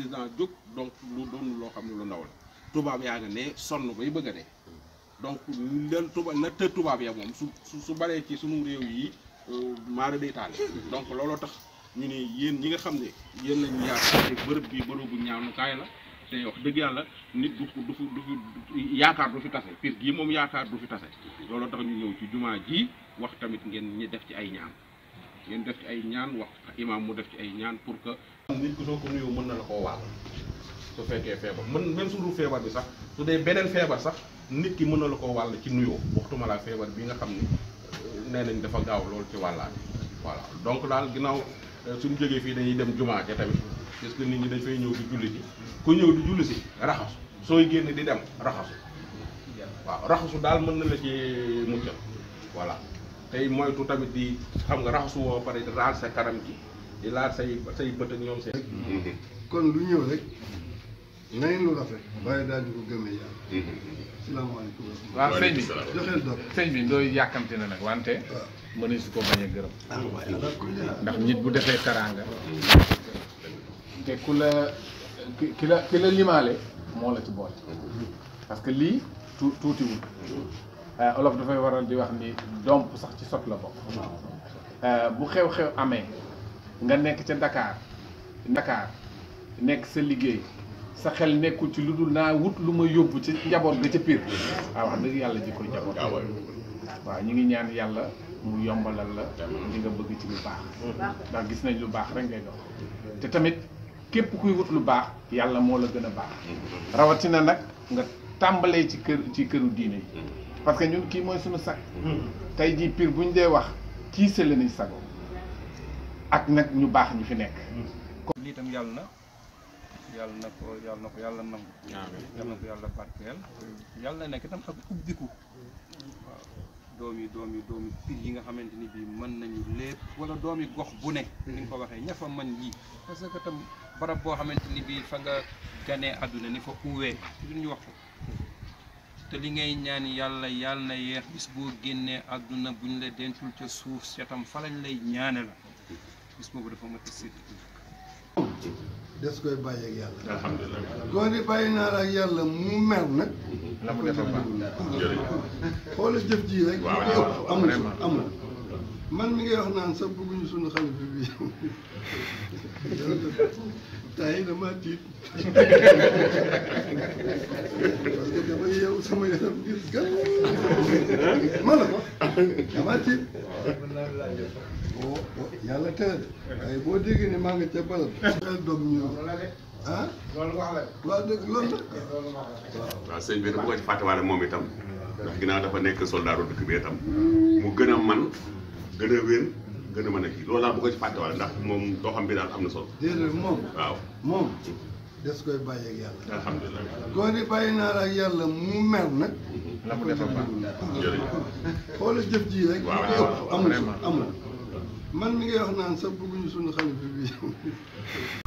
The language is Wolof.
président jóg donc lu doon loo xam ne lu ndaw la tubaab yaa nga ne sonn bay bëgg a dee donc leen tuba na tubaab ya moom su su su baree ci sunu réew yi euh, maara day taal donc looloo tax ñu ne yéen ñi nga xam ne yéen lañ yaakaar bërëb bi bërëbu ñaanu kaay la wax dëgg yàlla nit du du du fi yaakaar du fi tase piir gii moom yaakaar du fi tase looloo tax ñu ñëw ci jumaa ji wax tamit ngeen ñi def ci ay ñaam ngeen def ci ay ñaan wax imaam mu def ci ay ñaan pour que. nit ku soo ko nuyoo mën na la koo waal su fekkee feebar mën même su dul feebar bi sax su dee beneen feebar sax nit ki mën na la koo wàll ci nuyoo waxtuma laa feebar bi nga xam ni euh, nee nañ dafa gaaw lool ci wàllaate waaw donc daal ginnaaw euh, suñ jógee fii dañuy dem jumaa ja tamit parce que nit ñi dañ fay ñëw di julli ji ku ñëw di julli si raxasu sooy génnee di dem raxasu waaw raxasu daal mën na la ci muccal voilà tey moytu tamit di xam nga raxasu woo pare di laal sa kanam gi di laal say say bët ak ñoom seen kon lu ñëw rek nañ lu rafet waaye daal di ko gëmee yàlla salaamaaleykum waaw bi joxeel dox sëñ bi ndooy yàkkamti na nag wante mën su ko bañ a gërëm ah, ndax nit bu defee taraanga te ku la ki la ki la limaale moo la ci boole mm-hmm. parce que lii tu tuutiwul Euh, olof dafay waral di wax ni domp sax ci sot la bokk euh, bu xew-xew amee nga nekk ca ndakaar Dakar nekk sa liggéey sa xel nekkul ci lu dul naa wut lu ma yóbbu ci njaboot ga ca piir waaw ah, wax dëgg yàlla ji koy njaboot waaw ñu ngi ñaan yàlla mu yombalal la li nga bëgg ci lu baax ndax gis nañ lu baax rek ngay dox te tamit képp kuy wut lu baax yàlla moo la gën a baax rawatina nag nga tàmbalee ci kër ci këru diine yi parce que ñun kii mooy suma sag hmm. tey jii pire bu ñu dee wax kii sële nañ sago ak nag ñu baax ñu fi nekk comme lii tam yàlla na yàlla na ko yàlla na ko yàlla nangu yàlla na ko yàlla barkeel yàlla na nekk itam ak ubbiku waaw doomi doomi doomi pire yi nga xamante ni bii mën nañu lépp wala doomi gox bu ne ni ko waxee ña fa mën yii parce que tam barab boo xamante ni bii fa nga ganee àdduna ni fa uwee lu ñu wax ko te li ngay ñaan yàlla yàlla na yeex bis boo génnee àdduna buñ la dencul ca suuf setam falañ lay ñaane la bis boobu dafa mat a sédd des koy bàyyi ak yàlla alhamdulilah koo ni naa la yàlla mu mer nag la mu defal baax xoolal jëf ji rek amul man mi ngay wax naan sax bëgguñu suñu xalifa bi tay dama tiit parce que dama la ko dama tiit yàlla teel waaye boo déggee ne maa ngi ca balal teel doom ñu ah loolu bi da bëgg a fàttewaale moom itam ndax ginnaaw dafa nekk soldaaru dëkk bi itam mu gën a man gën a wéen gën a mën a kii loolu daal bu ko ci fàttewaale ndax moom doxam bi daal am na solo. déedéet moom. waaw moom. des koy bàyyi ak yàlla. alhamdulilah koo di bàyyi naa la yàlla mu mer nag. la mu defal baax jërëjëf. rek. waaw waaw amul man mi ngay wax naan sax bëgguñu suñu xalifa bi.